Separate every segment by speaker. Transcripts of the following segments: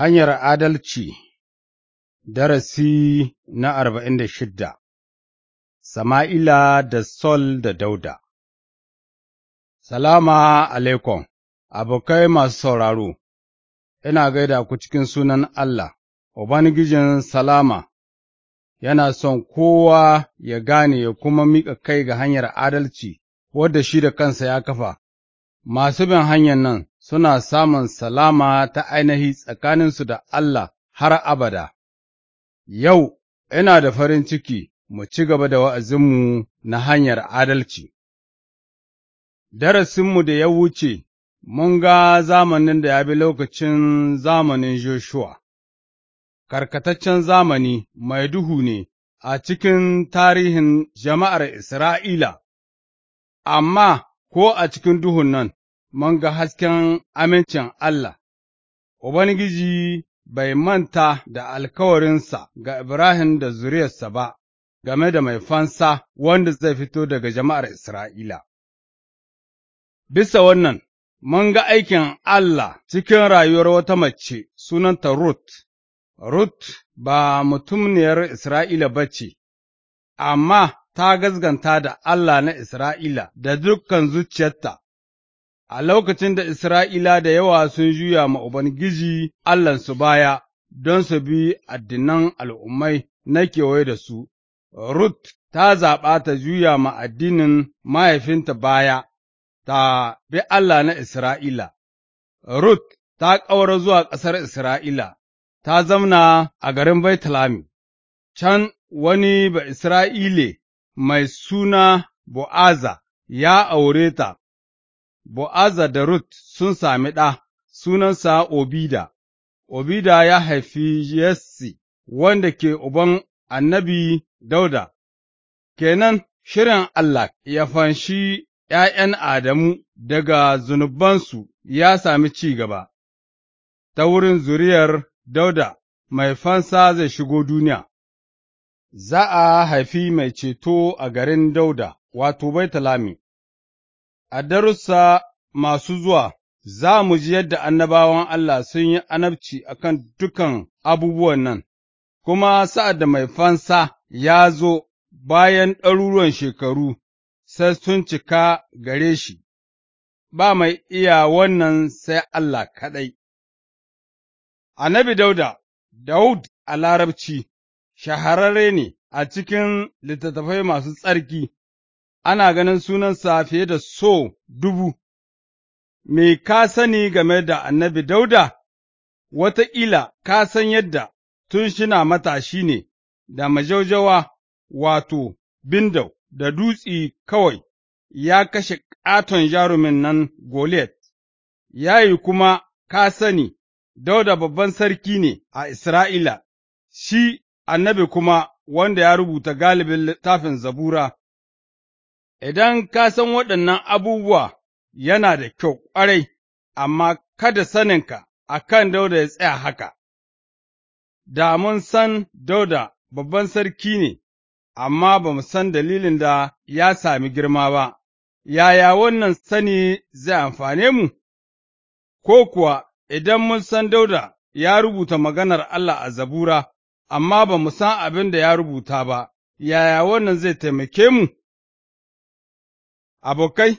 Speaker 1: Hanyar Adalci Darasi na arba'in da shidda Sama'ila da Sol da Dauda Salama alaikum, abokai masu sauraro, ina gaida ku cikin sunan Allah, Ubangijin Salama, yana son kowa ya gane ya kuma miƙa kai ga hanyar adalci, wadda shi da kansa ya kafa, masu bin hanyar nan suna samun salama ta ainihi tsakaninsu da Allah har abada. Yau, ina da farin ciki mu ci gaba da wa'azinmu na hanyar adalci. Darasinmu da ya wuce, mun ga zamanin da ya bi lokacin zamanin Joshua, karkataccen zamani mai duhu ne a cikin tarihin jama'ar Isra'ila, amma ko a cikin duhun nan, mun ga hasken amincin Allah, Ubangiji bai manta da alkawarinsa ga Ibrahim da zuriyarsa ba game da mai fansa wanda zai fito daga jama'ar Isra'ila. Bisa wannan, mun ga aikin Allah cikin rayuwar wata mace sunanta Rut, Rut ba mutumniyar Isra'ila ba ce, amma ta gazganta da Allah na Isra'ila da dukkan zuciyarta a lokacin da Isra'ila da yawa sun juya ma Ubangiji Allahnsu baya don su bi addinan al'ummai na kewaye da su, Rut ta zaɓa ta juya ma addinin mahaifinta baya, ta bi Allah na Isra'ila. Rut ta ƙaura zuwa ƙasar Isra'ila, ta zamna a garin Baitalami, can wani ba Isra'ile mai suna Bu'aza ya aure ta Bo'aza da Rut sun sami ɗa, sunansa Obida, Obida ya haifi Yesse, wanda ke uban annabi Dauda, kenan shirin Allah ya fanshi ’ya'yan Adamu daga zunubansu ya sami ci gaba, ta wurin zuriyar Dauda mai fansa zai shigo duniya, za a haifi mai ceto a garin Dauda, wato Baitalami. A darussa masu zuwa, za mu ji yadda annabawan Allah sun yi anabci a kan dukan abubuwan nan, kuma sa'ad da mai fansa ya zo bayan ɗaruruwan shekaru, sai sun cika gare shi, ba mai iya wannan sai Allah kaɗai. Annabi Dauda, Daud a Larabci, shahararre ne a cikin littattafai masu tsarki. ana ganin sunansa fiye da so dubu, me ka sani game da annabi Dauda, wataƙila ka san yadda tun shina matashi ne da majaujawa wato bindau da dutse kawai ya kashe ƙaton jarumin nan Goliath, ya yi kuma ka sani, Dauda babban sarki ne a Isra'ila, shi annabi kuma wanda ya rubuta galibin littafin zabura. Idan ka san waɗannan abubuwa yana da kyau ƙwarai, amma kada saninka a kan Dauda ya tsaya haka. Da mun san Dauda babban sarki ne, amma ba mu san dalilin da ya sami girma ba, yaya wannan sani zai amfane mu? Ko kuwa idan mun san Dauda ya rubuta maganar Allah a zabura, amma ba mu san abin da ya rubuta ba, yaya wannan zai taimake mu? Abokai,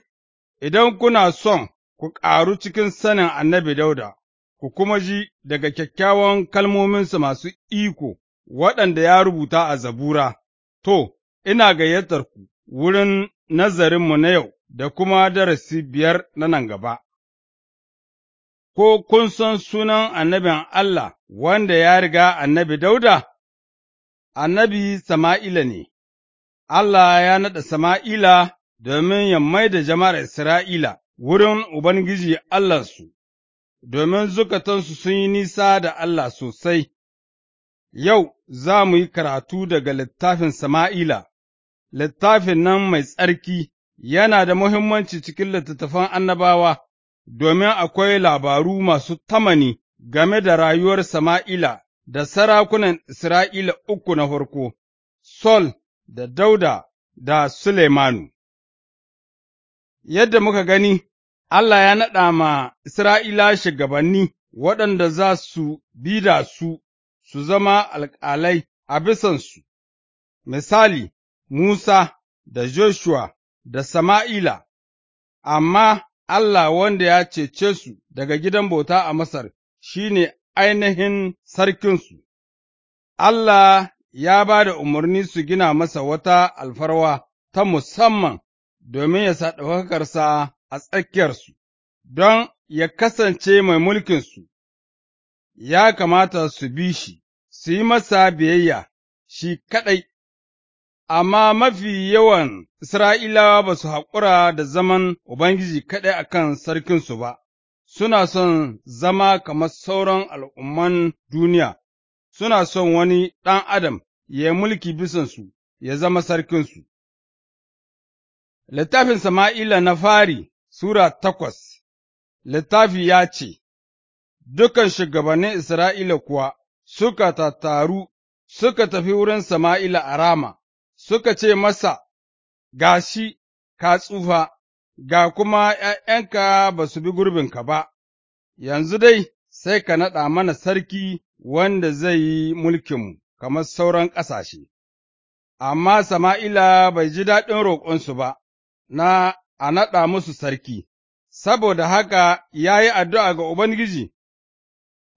Speaker 1: idan kuna son ku ƙaru cikin sanin annabi Dauda, ku kuma ji daga kyakkyawan kalmominsa masu iko waɗanda ya rubuta a zabura, to, ina gayyatar ku wurin nazarinmu na yau da kuma darasi biyar na nan gaba. Ko kun san sunan annabin Allah wanda ya riga annabi Dauda? Annabi Sama'ila ne, Allah ya naɗa Sama'ila domin ya da jama'ar Isra'ila wurin Ubangiji Allahnsu, domin zukatansu sun yi nisa da Allah sosai. Yau za mu yi karatu daga littafin Sama'ila, littafin nan mai tsarki yana da muhimmanci cikin littattafan annabawa, domin akwai labaru masu tamani game da rayuwar Sama'ila da sarakunan Isra'ila uku na farko, Sol da Dauda da Suleimanu. Yadda muka gani, Allah ya naɗa ma Isra'ila shugabanni waɗanda za su bi da su, su zama alƙalai a bisansu, misali, Musa da Joshua da Sama'ila, amma Allah wanda ya cece su daga gidan bauta a Masar shi ne ainihin sarkinsu, Allah ya ba da umarni su gina masa wata alfarwa ta musamman domin ya sa ɗaukakarsa a tsakiyarsu, don ya kasance mai mulkinsu, ya kamata su bi shi, su yi masa biyayya shi kaɗai, amma mafi yawan Isra'ilawa ba su haƙura da zaman Ubangiji kaɗai a kan sarkinsu ba, suna son zama kamar sauran al'umman duniya, suna son wani ɗan adam ya mulki bisansu, ya zama sarkinsu. Littafin Sama'ila na fari Sura takwas Littafi ya ce, Dukan shugabannin Isra'ila kuwa suka tattaru suka tafi wurin Sama'ila a Rama, suka ce masa, Ga shi, ka tsufa, ga kuma ’ya'yanka ba su bi gurbinka ba, yanzu dai sai ka naɗa mana sarki wanda zai yi mulkinmu kamar sauran ƙasashe. Amma Sama'ila bai ji daɗin roƙonsu ba. na a naɗa musu sarki, saboda haka ya yi addu'a ga Ubangiji,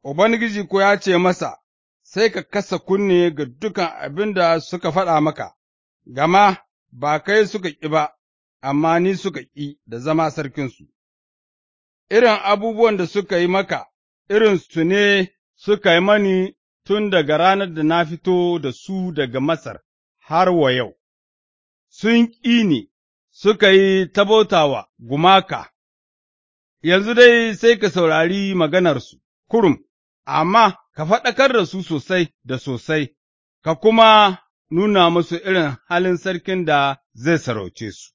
Speaker 1: Ubangiji ko ya ce masa, Sai ka kasa kunne ga dukan abin da suka faɗa maka, gama ba kai suka ƙi ba, amma ni suka ƙi da zama sarkinsu, irin abubuwan da suka yi maka, irinsu ne suka yi mani tun daga ranar da na fito da su daga Masar har wa yau, sun ƙi ni suka yi ta gumaka, yanzu dai sai ka saurari maganarsu kurum, amma ka faɗakar da su sosai da sosai, ka kuma nuna musu irin halin sarkin da zai sarauce su.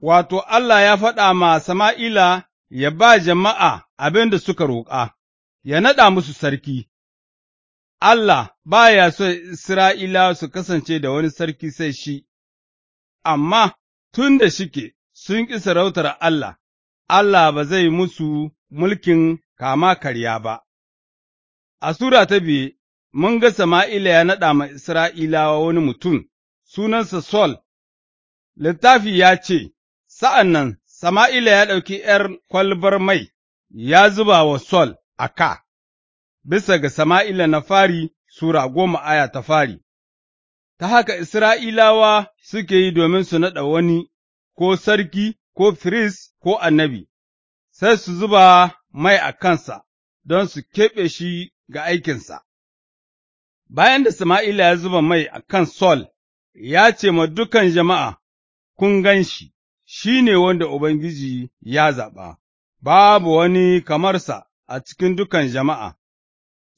Speaker 1: Wato, Allah ya faɗa ma Sama'ila ya ba jama'a abin da suka roƙa, ya naɗa musu sarki. Allah ba ya so Isra'ila su kasance da wani sarki sai shi, amma tun da shike sun ƙi sarautar Allah, Allah ba zai musu mulkin kama karya ba. A Sura ta biye, mun ga Sama'ila ya naɗa ma Isra'ilawa wani mutum, sunansa Sol, littafi ya ce, Sa'an nan Sama'ila ya ɗauki ’yar kwalbar mai, ya zuba wa Sol a ka, bisa ga Sama'ila na fari, Sura goma aya ta fari. ta haka Isra'ilawa suke yi domin su naɗa wani, ko sarki, ko firist, ko annabi, sai su zuba mai a kansa don su keɓe shi ga aikinsa. Bayan da Sama'ila ya zuba mai a kan Sol, ya ce ma dukan jama'a, Kun gan shi, shi ne wanda Ubangiji ya zaɓa, babu wani kamarsa a cikin dukan jama'a,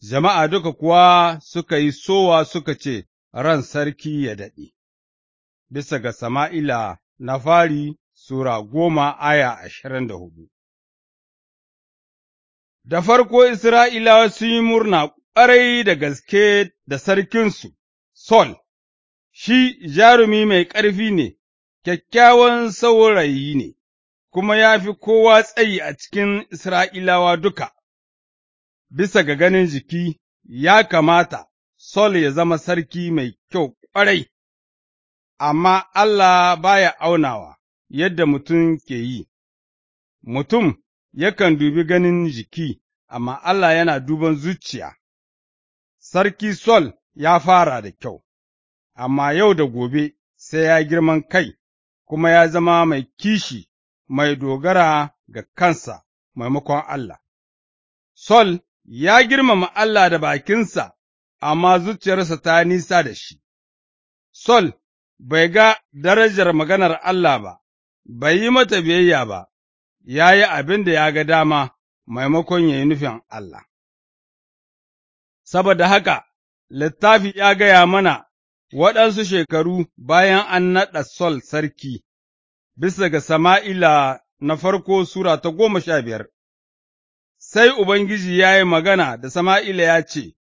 Speaker 1: jama'a duka kuwa suka yi sowa suka ce, ran sarki ya daɗe. Bisa ga Sama'ila na fari Sura goma aya ashirin da hudu Da farko Isra'ilawa sun yi murna ƙwarai da gaske da sarkinsu, Sol, shi jarumi mai ƙarfi ne, kyakkyawan saurayi ne, kuma ya fi kowa tsayi a cikin Isra'ilawa duka, bisa ga ganin jiki ya kamata Sol ya zama sarki mai kyau ƙwarai, amma Allah baya aunawa yadda mutum ke yi, mutum yakan dubi ganin jiki, amma Allah yana duban zuciya. Sarki Sol ya fara da kyau, amma yau da gobe sai ya girman kai, kuma ya zama mai kishi, mai dogara ga kansa maimakon Allah. Sol ya girmama Allah da bakinsa amma zuciyarsa ta nisa da shi. Sol bai ga darajar maganar Allah ba, bai yi mata biyayya ba, ya yi abin da ya ga dama maimakon ya yi nufin Allah. Saboda haka, littafi ya gaya mana waɗansu shekaru bayan an naɗa Sol sarki, bisa ga Sama'ila na farko Sura ta goma sha biyar, sai Ubangiji ya yi magana da Sama'ila ya ce,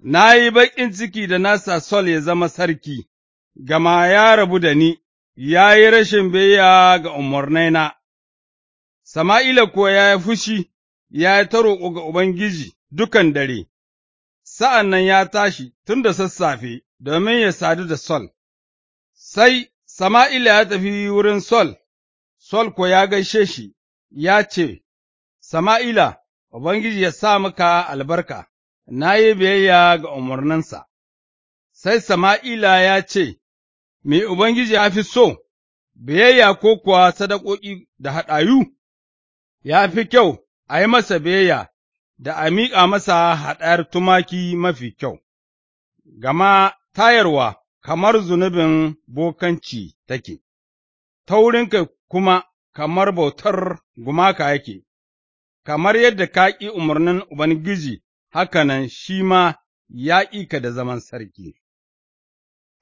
Speaker 1: na yi baƙin ciki da nasa Sol ya zama sarki, gama ya rabu da ni, ya yi rashin biyayya ga umarnaina. Sama'ila ko ya yi fushi, ya yi ta roƙo ga Ubangiji dukan dare, sa'an nan ya tashi tun da sassafe domin ya sadu da Sol. Sai Sama'ila ya tafi wurin Sol, Sol ko ya gaishe shi, ya ce, Sama'ila, Ubangiji ya sa maka albarka, na yi biyayya ga umarninsa, sai Sama'ila ya ce, Me Ubangiji ya fi so, biyayya ko kuwa sadakoki da haɗayu? Ya fi kyau a yi masa biyayya da a miƙa masa haɗayar tumaki mafi kyau, gama tayarwa kamar zunubin bokanci take, wurinka kuma kamar bautar gumaka yake, kamar yadda ka ƙi umarnin Ubangiji haka nan shi ma ya ƙika da zaman sarki.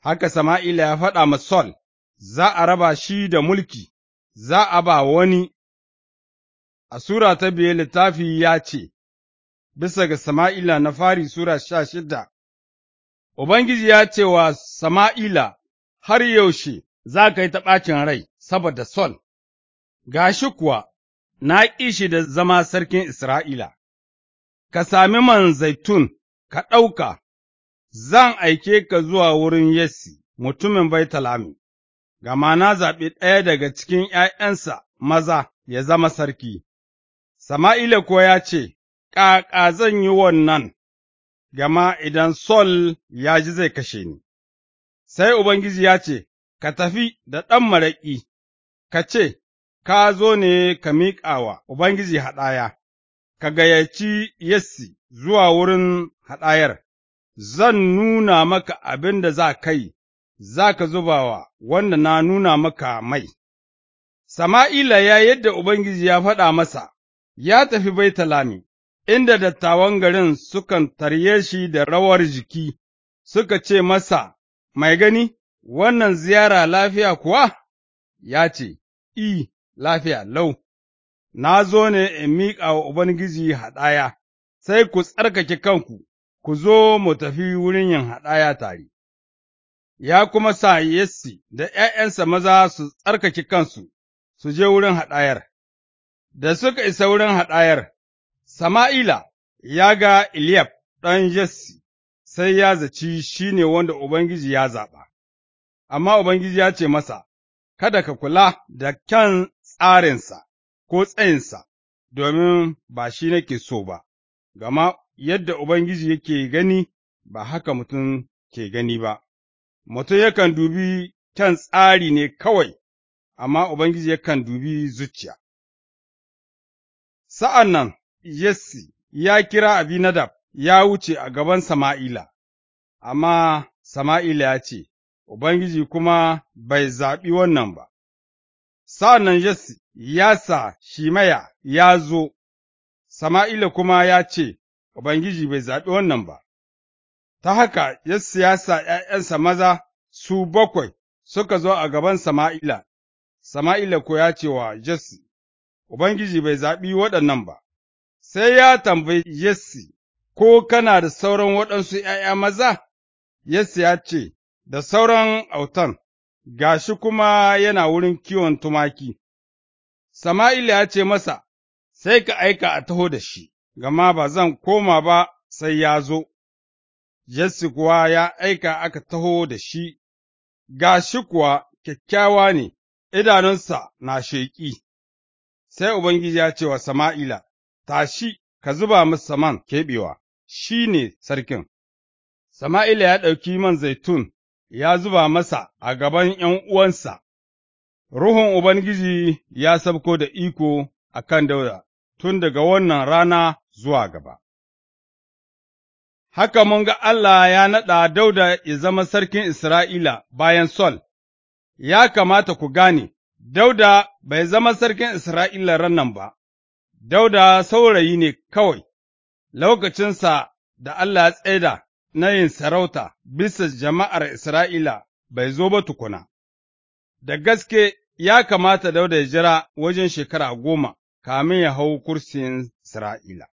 Speaker 1: Haka Sama'ila ya faɗa ma Sol, za a raba shi da mulki, za a ba wani, a Sura ta biye littafi ya ce, Bisa ga Sama'ila na fari Sura sha shida, Ubangiji ya ce wa Sama'ila, Har yaushe za ka yi ta rai saboda Sol, ga shi kuwa, na ƙi shi da zama sarkin Isra'ila. ka sami man zaitun ka ɗauka, zan aike ka zuwa wurin Yesse mutumin Baitalami, gama na zaɓi ɗaya daga cikin ’ya'yansa maza ya zama sarki. Sama'ila kuwa ya ce, Ƙaƙa zan yi wannan, gama idan Sol ya ji zai kashe ni. Sai Ubangiji ya ce, Ka tafi da ɗan maraƙi, ka ce, Ka zo ne ka miƙa wa Ubangiji haɗaya, ka gayyaci Yessi zuwa wurin haɗayar, zan nuna maka abin da za kai, za ka zuba wa wanda na nuna maka mai. Sama'ila ya yadda Ubangiji ya faɗa masa, ya tafi Baitalami, inda dattawan garin sukan tarye shi da rawar jiki, suka ce masa, Mai gani, wannan ziyara lafiya kuwa? Ya ce, I, lafiya lau. na zo ne in miƙa wa Ubangiji haɗaya, sai ku tsarkake kanku, ku zo mu tafi wurin yin haɗaya tare. Ya kuma sa Yesse da ’ya'yansa maza su tsarkake kansu, su je wurin haɗayar, da suka isa wurin haɗayar, Sama'ila ya ga Iliyab ɗan Yesse, sai ya zaci shi ne wanda Ubangiji ya zaɓa, amma Ubangiji ya ce masa, Kada ka kula da kyan tsarinsa. ko tsayinsa, domin ba shi nake so ba, gama yadda Ubangiji yake gani ba haka mutum ke gani ba, mutum yakan dubi kyan tsari ne kawai, amma Ubangiji yakan dubi zuciya. Sa'an nan, Yessi ya kira Abinadab ya wuce a gaban Sama'ila, amma Sama'ila ya ce, Ubangiji kuma bai zaɓi wannan ba. Sa'an nan Yesse ya sa Shimaya ya zo, Sama'ila kuma ya ce, Ubangiji bai zaɓi wannan ba, ta haka Yesse ya sa ’ya'yansa maza su bakwai suka zo a gaban Sama'ila, Sama'ila ko ya ce wa Yesse, Ubangiji bai zaɓi waɗannan ba, sai ya tambayi Yesse, Ko kana da sauran waɗansu ’ya'ya maza? Yesse ya ce, Da sauran autan, ga shi kuma yana wurin kiwon tumaki. Sama'ila ya ce masa, Sai ka aika a taho da shi, gama ba zan koma ba sai ya zo, Jesse kuwa ya aika aka taho da shi, ga shi kuwa kyakkyawa ne, idanunsa na sheƙi. Sai Ubangiji ya ce wa Sama'ila, Tashi, ka zuba masa man keɓewa, shi ne sarkin. Sama'ila ya ɗauki man zaitun ya zuba masa a gaban ’yan uwansa, Ruhun Ubangiji ya sabko da iko a kan Dauda tun daga wannan rana zuwa gaba. Haka mun ga Allah ya naɗa Dauda ya zama sarkin Isra'ila bayan Sol, ya kamata ku gane, Dauda bai zama sarkin Isra'ila rannan ba, Dauda saurayi ne kawai, lokacinsa da Allah ya tsaida na yin sarauta bisa jama'ar Isra'ila bai zo ba tukuna, da gaske ya kamata Dauda ya jira wajen shekara goma kamin ya hau kursin Isra'ila.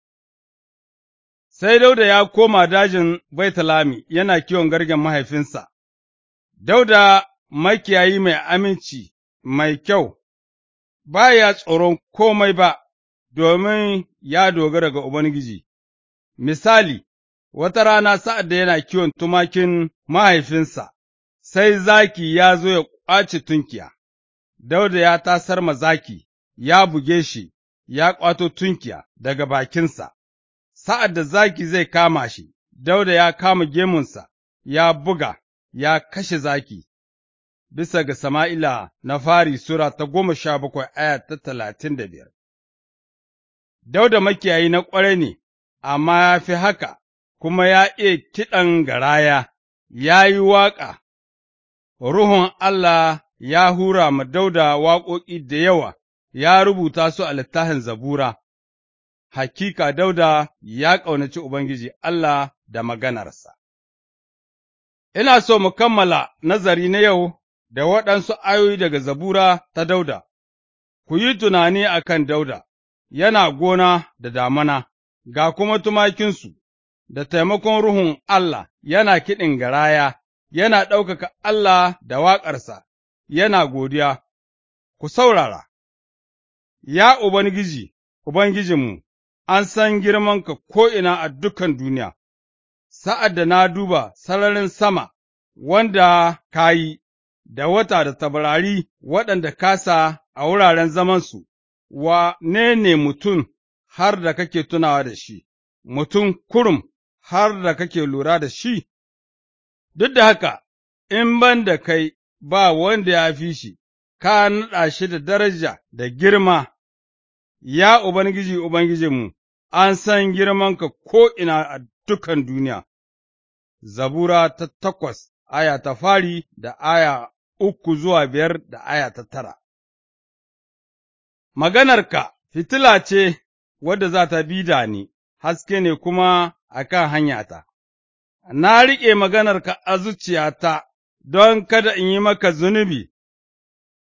Speaker 1: Sai Dauda ya koma dajin Baitalami yana kiwon gargen mahaifinsa, Dauda makiyayi mai aminci, mai kyau, ba ya tsoron komai ba, domin ya dogara ga Ubangiji. Misali, Wata rana sa'ad da yana kiwon tumakin mahaifinsa, sai zaki ya zo ya ƙwace tunkiya, Dauda ya tasar ma zaki, ya buge shi, ya ƙwato tunkiya daga bakinsa, sa'ad da zaki zai kama shi, Dauda ya kama gemunsa, ya buga, ya kashe zaki. Bisa ga Sama'ila na fari Sura ta goma sha bakwai aya ta talatin da biyar. Dauda makiyayi na ƙwarai ne, amma ya fi haka kuma ya iya kiɗan garaya, ya yi waƙa, Ruhun Allah ya hura ma dauda waƙoƙi da yawa, ya rubuta su a littafin zabura, hakika dauda ya ƙaunaci Ubangiji Allah da maganarsa. Ina so mu kammala nazari na yau da waɗansu ayoyi daga zabura ta dauda, ku yi tunani a kan dauda, yana gona da damana, ga kuma tumakinsu. da taimakon Ruhun Allah, yana kiɗin garaya, yana ɗaukaka Allah da waƙarsa, yana godiya, ku saurara, Ya Ubangiji, Ubangijinmu, an san girmanka ko'ina a dukan duniya, sa'ad da na duba sararin sama wanda ka yi, da wata da tabarari waɗanda ka sa a wuraren zamansu, wa ne ne mutum har da kake tunawa da shi, mutum kurum har da kake lura da shi? Duk da haka, in ban da kai ba wanda ya fi shi, ka naɗa shi da daraja da girma, ya Ubangiji Ubangijinmu, an san girmanka ko'ina a dukan duniya. Zabura ta takwas, aya ta fari da aya uku zuwa biyar da aya ta tara. Maganarka fitila ce wadda za ta bi da ni, haske ne kuma a kan hanyata. Na riƙe maganarka a zuciyata don kada in yi maka zunubi,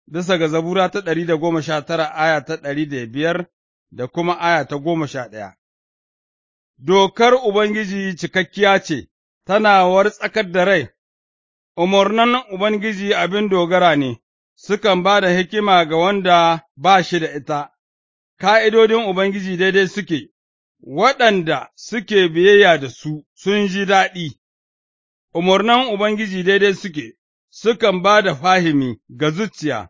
Speaker 1: bisa ga zabura ta ɗari da goma sha tara aya ta ɗari da biyar da kuma aya ta goma sha ɗaya. Dokar Ubangiji cikakkiya ce, tana tsakar da rai, umarnan Ubangiji abin dogara ne, sukan ba da hikima ga wanda ba shi da ita, ƙa'idodin Ubangiji daidai suke, waɗanda suke biyayya da su sun ji daɗi, umarnan Ubangiji daidai suke, sukan ba da fahimi ga zuciya,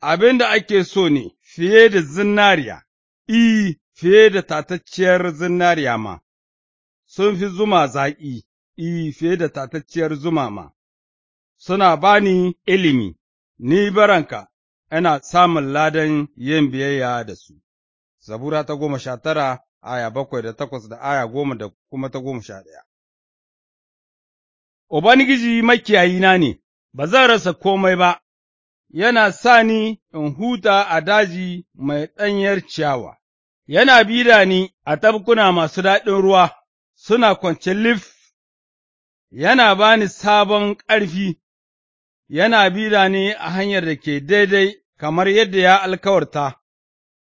Speaker 1: abin da ake so ne fiye da zinariya, i, fiye da tatacciyar zinariya ma, sun fi zuma zaƙi, i, fiye da tatacciyar zuma ma, suna ba ni ilimi, ni baranka, ina samun ladan yin biyayya da su. Zabura ta goma sha tara aya bakwai da takwas da aya goma da kuma ta goma sha ɗaya. Ubangiji makiyayina ne, ba zan rasa komai ba, yana sa ni in huta a daji mai ɗanyar ciyawa, yana bida ni a tabkuna masu daɗin ruwa, suna kwance lif, yana ba ni sabon ƙarfi, yana bida ni a hanyar da ke daidai kamar yadda ya alkawarta,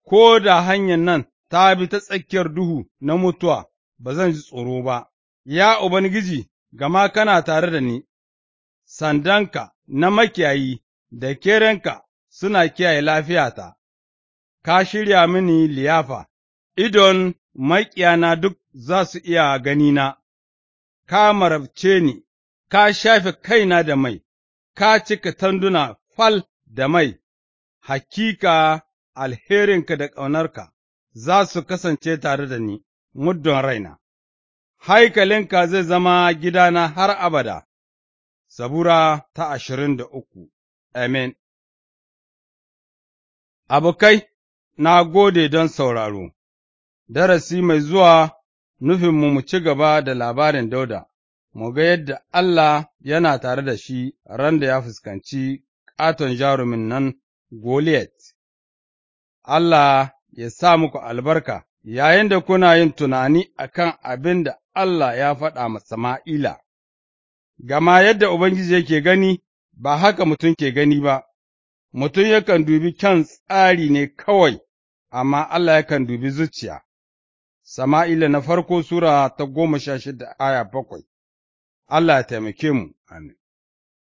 Speaker 1: ko da hanyar nan ta bi ta tsakiyar duhu na mutuwa, ba zan ji tsoro ba, ya Ubangiji, gama kana tare da ni, sandanka na makiyayi da kerenka suna kiyaye lafiyata, ka shirya mini liyafa, idon makiyana duk za su iya ganina, ka marabce ni, ka shafe kaina da mai, ka cika tanduna fal da mai, hakika alherinka da ƙaunarka za su kasance tare da ni, muddin raina, haikalinka zai zama gidana har abada, sabura ta ashirin da uku, Amen. Abokai, na gode don sauraro, darasi mai zuwa nufinmu mu ci gaba da labarin Dauda, mu ga yadda Allah yana tare da shi ran da ya fuskanci ƙaton jarumin nan Goliath. Allah ya sa muku albarka, yayin da kuna yin tunani a kan abin da Allah ya faɗa ma Sama'ila, gama yadda Ubangiji yake gani, ba haka mutum ke gani ba, mutum yakan dubi kyan tsari ne kawai, amma Allah yakan dubi zuciya. Sama'ila na farko Sura ta goma sha shida aya bakwai, Allah ya taimake mu, amin.